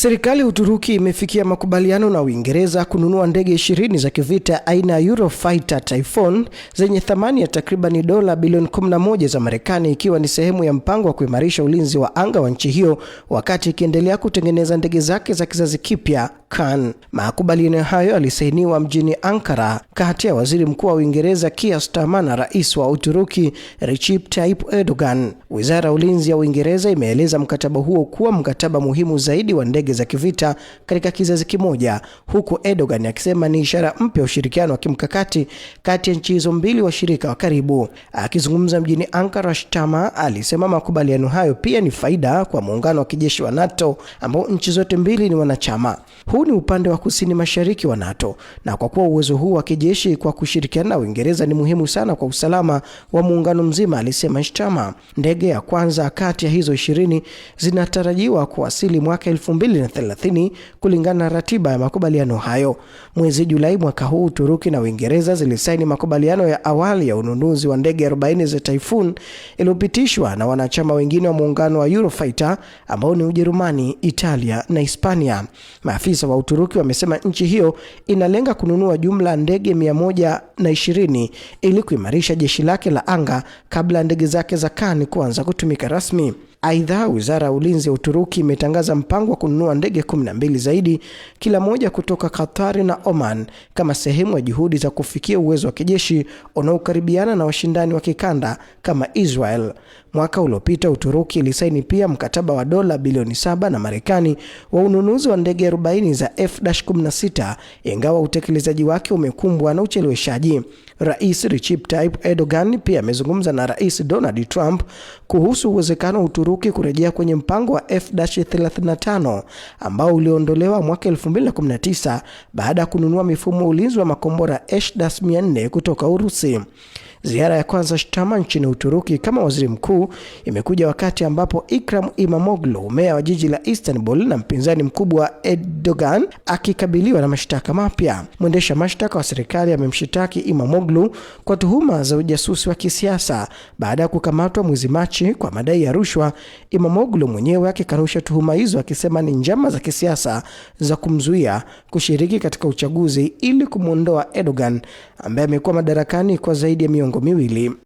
Serikali ya Uturuki imefikia makubaliano na Uingereza kununua ndege ishirini za kivita aina ya Eurofighter Typhoon zenye thamani ya takriban dola bilioni 11 za Marekani, ikiwa ni sehemu ya mpango wa kuimarisha ulinzi wa anga wa nchi hiyo wakati ikiendelea kutengeneza ndege zake za kizazi kipya Kan. Makubaliano hayo yalisainiwa mjini Ankara kati ya Waziri Mkuu wa Uingereza Keir Starmer na Rais wa Uturuki Recep Tayyip Erdogan. Wizara ya Ulinzi ya Uingereza imeeleza mkataba huo kuwa mkataba muhimu zaidi wa ndege ndege za kivita katika kizazi kimoja, huku Erdogan akisema ni ishara mpya ushirikiano wa kimkakati kati ya nchi hizo mbili washirika wa karibu. Akizungumza mjini Ankara, Shtama alisema makubaliano hayo pia ni faida kwa muungano wa kijeshi wa NATO ambao nchi zote mbili ni wanachama. Huu ni upande wa kusini mashariki wa NATO, na kwa kuwa uwezo huu wa kijeshi kwa kushirikiana na Uingereza ni muhimu sana kwa usalama wa muungano mzima, alisema Shtama. Ndege ya kwanza kati ya hizo ishirini zinatarajiwa kuwasili mwaka elfu mbili 2030 kulingana na ratiba ya makubaliano hayo. Mwezi Julai mwaka huu, Uturuki na Uingereza zilisaini makubaliano ya awali ya ununuzi wa ndege 40 za Typhoon iliyopitishwa na wanachama wengine wa muungano wa Eurofighter ambao ni Ujerumani, Italia na Hispania. Maafisa wa Uturuki wamesema nchi hiyo inalenga kununua jumla ndege 120 ili kuimarisha jeshi lake la anga kabla ndege zake za kani kuanza kutumika rasmi. Aidha, wizara ya ulinzi ya Uturuki imetangaza mpango wa kununua ndege 12 zaidi, kila moja kutoka Katari na Oman, kama sehemu ya juhudi za kufikia uwezo wa kijeshi unaokaribiana na washindani wa kikanda kama Israel. Mwaka uliopita Uturuki ilisaini pia mkataba wa dola bilioni saba na Marekani wa ununuzi wa ndege 40 za F-16 ingawa utekelezaji wake umekumbwa na ucheleweshaji. Rais Recep Tayyip Erdogan pia amezungumza na Rais Donald Trump kuhusu uwezekano wa Uturuki kurejea kwenye mpango wa F-35 ambao uliondolewa mwaka 2019 baada ya kununua mifumo ulinzi wa makombora H-400 kutoka Urusi. Ziara ya kwanza Shtama nchini Uturuki kama waziri mkuu imekuja wakati ambapo Ikram Imamoglu, meya wa jiji la Istanbul na mpinzani mkubwa wa Erdogan, akikabiliwa na mashtaka mapya. Mwendesha mashtaka wa serikali amemshitaki Imamoglu kwa tuhuma za ujasusi wa kisiasa baada ya kukamatwa mwezi Machi kwa madai ya rushwa. Imamoglu mwenyewe akikanusha tuhuma hizo akisema ni njama za kisiasa za kumzuia kushiriki katika uchaguzi ili kumwondoa Erdogan ambaye amekuwa madarakani kwa zaidi ya miongo của miếu Huệ Liệm